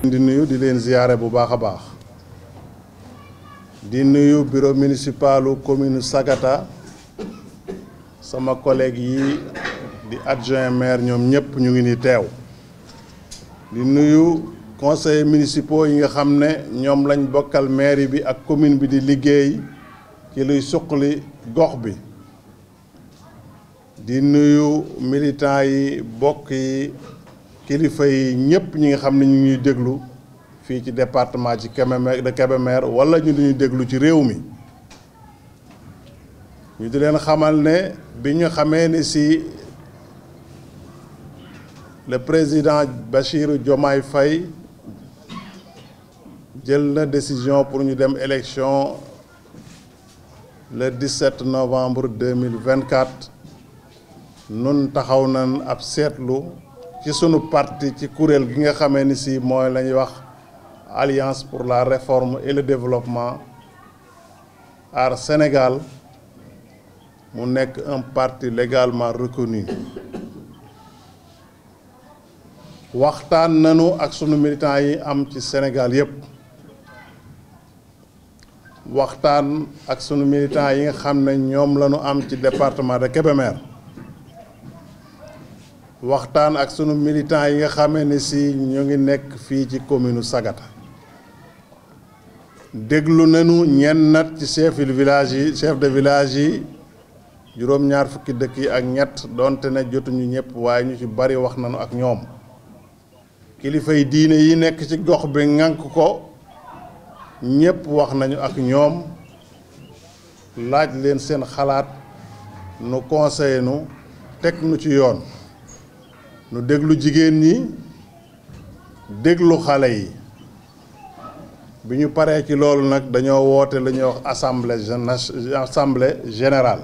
di nuyu di leen ziyaare bu baax a baax di nuyu bureau municipalu commune Sagata sama collègue yi di adjoint maire ñoom ñëpp ñu ngi ni teew di nuyu conseillers municipaux yi nga xam ne ñoom lañ bokkal mairie bi ak commune bi di liggéey ci luy suqali gox bi di nuyu militants yi bokk yi kilifa yi ñëpp ñi ngi xam ne ñu ñuy déglu fii ci département ci Kébémer de Kébémer wala ñu dañuy déglu ci réew mi ñu di leen xamal ne bi ñu xamee ni si le président Bassirou Diomaye fay jël na décision pour ñu dem élection le 17 novembre 2024 nun taxaw nan ab seetlu ci sunu parti ci kuréel gi nga xamee ni si mooy lañuy wax alliance pour la réforme et le développement Aar Sénégal mu nekk un parti légalement reconnu waxtaan nanu ak sunu militants yi am ci Sénégal yépp waxtaan ak sunu militants yi nga xam ne ñoom la am ci département de Kébémer waxtaan ak sunu militants yi nga xamee ni si ñu ngi nekk fii ci commune Sagata déglu nañu ñenn nat ci chef de village yi chef de village yi juróom-ñaar fukki dëkk yi ak ñett donte ne jotuñu ñëpp waaye ñu ci bari wax nañu ak ñoom kilifay diine yi nekk ci gox bi ŋànk ko ñëpp wax nañu ak ñoom laaj leen seen xalaat nu conseillé nu teg nu ci yoon nu déglu jigéen ñi déglu xale yi bi ñu paree ci loolu nag dañoo woote la ñuy wax assemblée assemblée général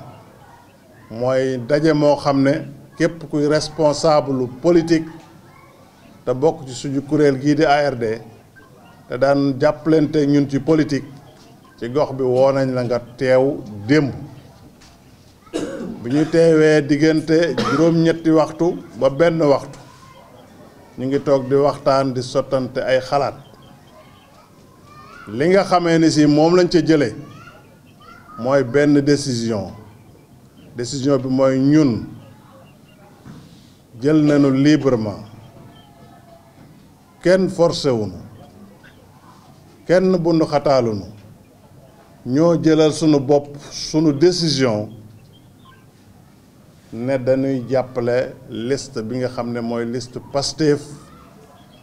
mooy daje moo xam ne képp kuy responsable politique te bokk ci suñu kuréel gii di ARD te daan jàppalante ñun ci politique ci gox bi woo nañ la nga teew démb bu ñu teewee diggante juróom-ñetti waxtu ba benn waxtu ñu ngi toog di waxtaan di sottante ay xalaat li nga xamee ni si moom lañ ca jëlee mooy benn décision décision bi mooy ñun jël nañu librement kenn forcé kenn bundu ñoo jëlal sunu bopp sunu décision ne dañuy jàppale liste bi nga xam ne mooy liste Pastef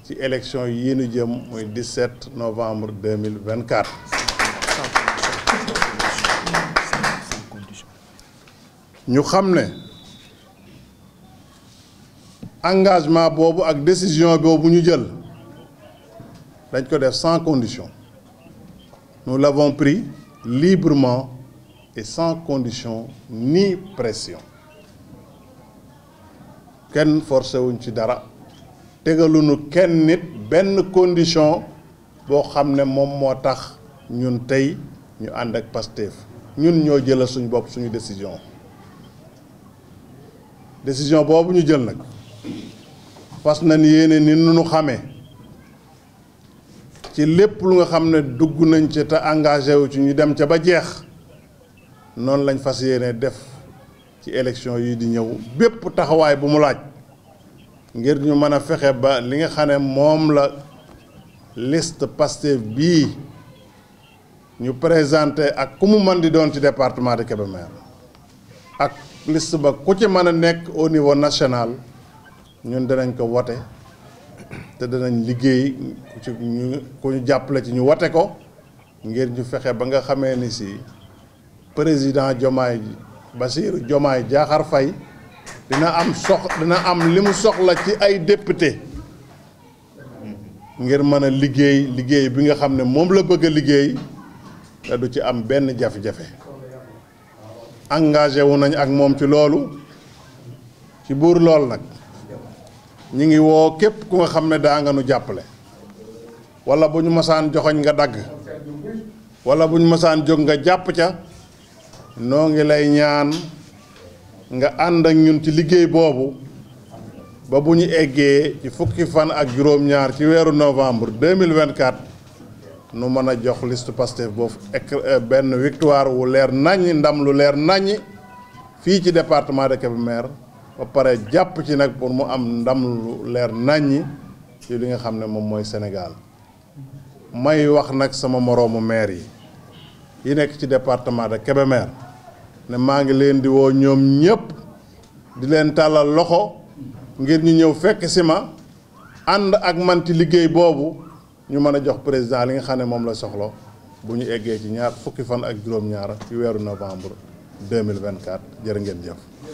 ci élection yii nu jëm muy 17 novembre 2024. ñu xam ne engagement boobu ak décision boobu ñu jël dañ ko def sans condition nous l'avons pris librement et sans condition ni pression. kenn forcé wuñ ci dara tegaluñu kenn nit benn condition boo xam ne moom moo tax ñun tey ñu ànd ak Pastef ñun ñoo jëlal suñu bopp suñu décision décision boobu ñu jël nag fas nañ yéene ni nu ñu xamee ci lépp lu nga xam ne dugg nañ ci te engagé wu ci ñu dem ca ba jeex noonu lañ fas yéene def ci élection yi di ñëw bépp taxawaay bu mu laaj ngir ñu mën a fexe ba li nga xam ne moom la liste Pastef bii ñu présenté ak ku mu man di doon ci département de Kébémer ak liste ba ku ci mën a nekk au niveau national ñun danañ ko wote te danañ liggéey ku ñu jàppale ci ñu wote ko ngir ñu fexe ba nga xamee ni si président Diomaye Bassirou Diomaye Diakhar fay dina am sox dina am li soxla ci ay député ngir mën a liggéey liggéey bi nga xam ne moom la bëgg liggéey te du ci am benn jafe-jafe engagé wu nañ ak moom ci loolu ci buur lool nag ñi ngi woo képp ku nga xam ne daa nga nu jàppale wala bu ñu masaan joxoñ nga dagg wala bu ñu masaan jóg nga jàpp ca noo ngi lay ñaan nga ànd ak ñun ci liggéey boobu ba bu ñu eggee ci fukki fan ak juróom-ñaar ci weeru novembre deux mille vingt quatre nu mën a jox list liste Pastef boobu ek euh, benn victoire wu leer naññ ndam lu leer naññ fii ci département de Kébémer ba pare jàpp ci nag pour mu am ndam lu leer nàññi ci li nga xam ne moom mooy Sénégal may wax nag sama moroomu maire yi yi nekk ci département de Kébémer. ne maa ngi leen di woo ñoom ñëpp di leen tàllal loxo ngir ñu ñëw fekk si ma ànd ak man ci liggéey boobu ñu mën a jox président li nga xam ne moom la soxla bu ñu eggee ci ñaar fukki fan ak juróom-ñaar ci weeru novembre 2024 jërë ngeen jëf